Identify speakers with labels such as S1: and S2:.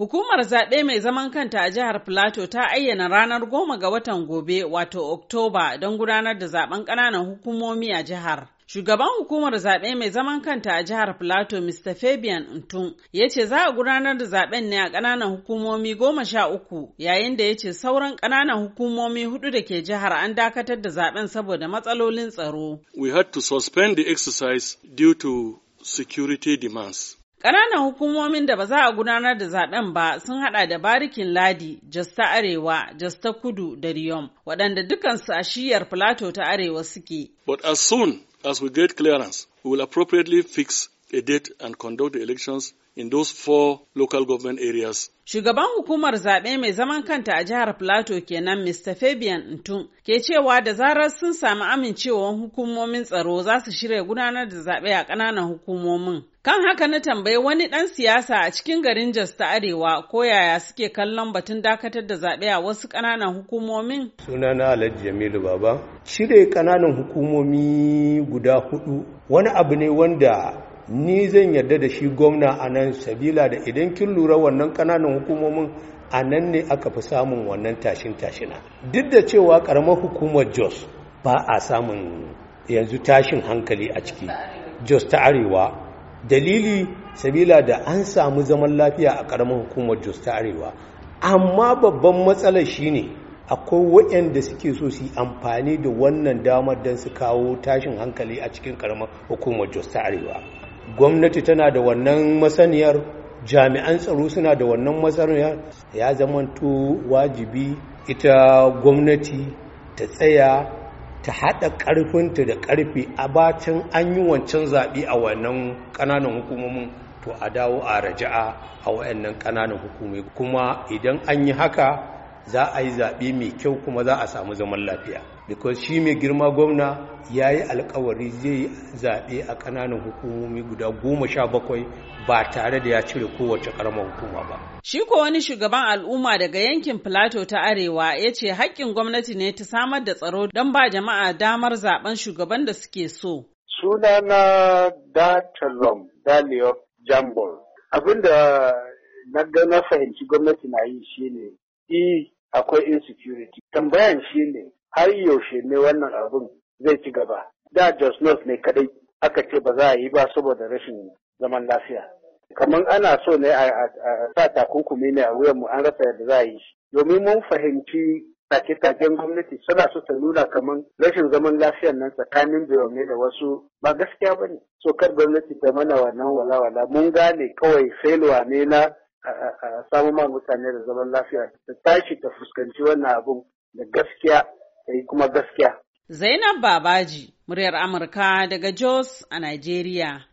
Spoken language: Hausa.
S1: Hukumar zaɓe mai zaman kanta a jihar Filato ta ayyana ranar goma ga watan gobe wato Oktoba don gudanar da zaben ƙananan hukumomi a jihar. Shugaban hukumar zaɓe mai zaman kanta a jihar Filato Mr. Fabian Ntun ya ce za a gudanar da zaben ne a ƙananan hukumomi goma sha uku yayin da ya ce sauran ƙananan hukumomi hudu da ke jihar an dakatar da zaben saboda matsalolin tsaro.
S2: We had to suspend the exercise due to security demands.
S1: Ƙananan hukumomin da ba za a gudanar da zaben ba sun hada da Barikin Ladi, Jasta Arewa, Jasta Kudu da Riyom, waɗanda dukansu a shiyar Filato ta Arewa suke.
S2: But as soon as we get clearance, we will appropriately fix a date and conduct the elections in those four local government areas.
S1: Shugaban hukumar zaɓe mai zaman kanta a jihar Plateau kenan Mr. Fabian Ntun ke cewa da zarar sun sami amincewar hukumomin tsaro za su shirya gudanar da zaɓe a ƙananan hukumomin. Kan haka na tambayi wani ɗan siyasa a cikin garin Jos ta Arewa ko yaya suke kallon batun dakatar da zaɓe a wasu ƙananan hukumomin.
S3: Sunana Alhaji Jamilu Baba. Shirya ƙananan hukumomi guda hudu wani abu ne wanda ni zan yarda da shi gwamna a nan sabila da idan kin lura wannan ƙananan hukumomin a nan ne aka fi samun wannan tashin tashina duk da cewa karamar hukumar jos ba a samun yanzu tashin hankali a ciki jos ta arewa dalili sabila da an samu zaman lafiya a karamar hukumar jos ta arewa amma babban matsalar shi ne, akwai waɗanda suke so su yi amfani da wannan damar don su kawo tashin hankali a cikin karamar hukumar jos ta arewa gwamnati tana da wannan masaniyar jami'an tsaro suna da wannan masaniyar ya zamanto wajibi ita gwamnati ta tsaya ta haɗa ƙarfinta da ƙarfi a bacin an yi wancan zaɓi a wannan ƙananan hukumomin to a dawo a raja'a a wa'annan ƙananan hukumai kuma idan an yi haka za a yi zaɓe mai kyau kuma za a samu zaman lafiya because shi mai girma gwamna ya yi alkawari zai yi zaɓe a ƙananan hukumomi guda goma sha bakwai ba tare da ya cire kowace ƙaramar hukuma
S4: ba.
S1: Shi ko wani shugaban al'umma daga yankin plateau ta Arewa ya ce haƙƙin gwamnati ne ta samar da tsaro don ba jama'a damar zaɓen shugaban da suke so.
S4: Sunana Datalom Dalio Jambol. Abin na fahimci gwamnati na yi shine E, akwai insecurity. Tambayan shine. har yaushe ne wannan abun zai ci gaba. Da Jos not ne kadai aka ce ba za a yi ba saboda rashin zaman lafiya. Kamar ana so ne a sa takunkumi ne a mu, an rasa yadda za a yi shi. Domin mun fahimci take-taken gwamnati suna so ta nuna kamar rashin zaman lafiyar nan tsakanin birane da wasu ba gaskiya ba ne. So kar gwamnati ta mana wannan walawala mun gane kawai failwa ne na a samu ma mutane da zaman lafiya ta tashi ta fuskanci wannan abu da gaskiya ta yi kuma gaskiya.
S1: Zainab Babaji, muryar Amurka daga Jos a Najeriya.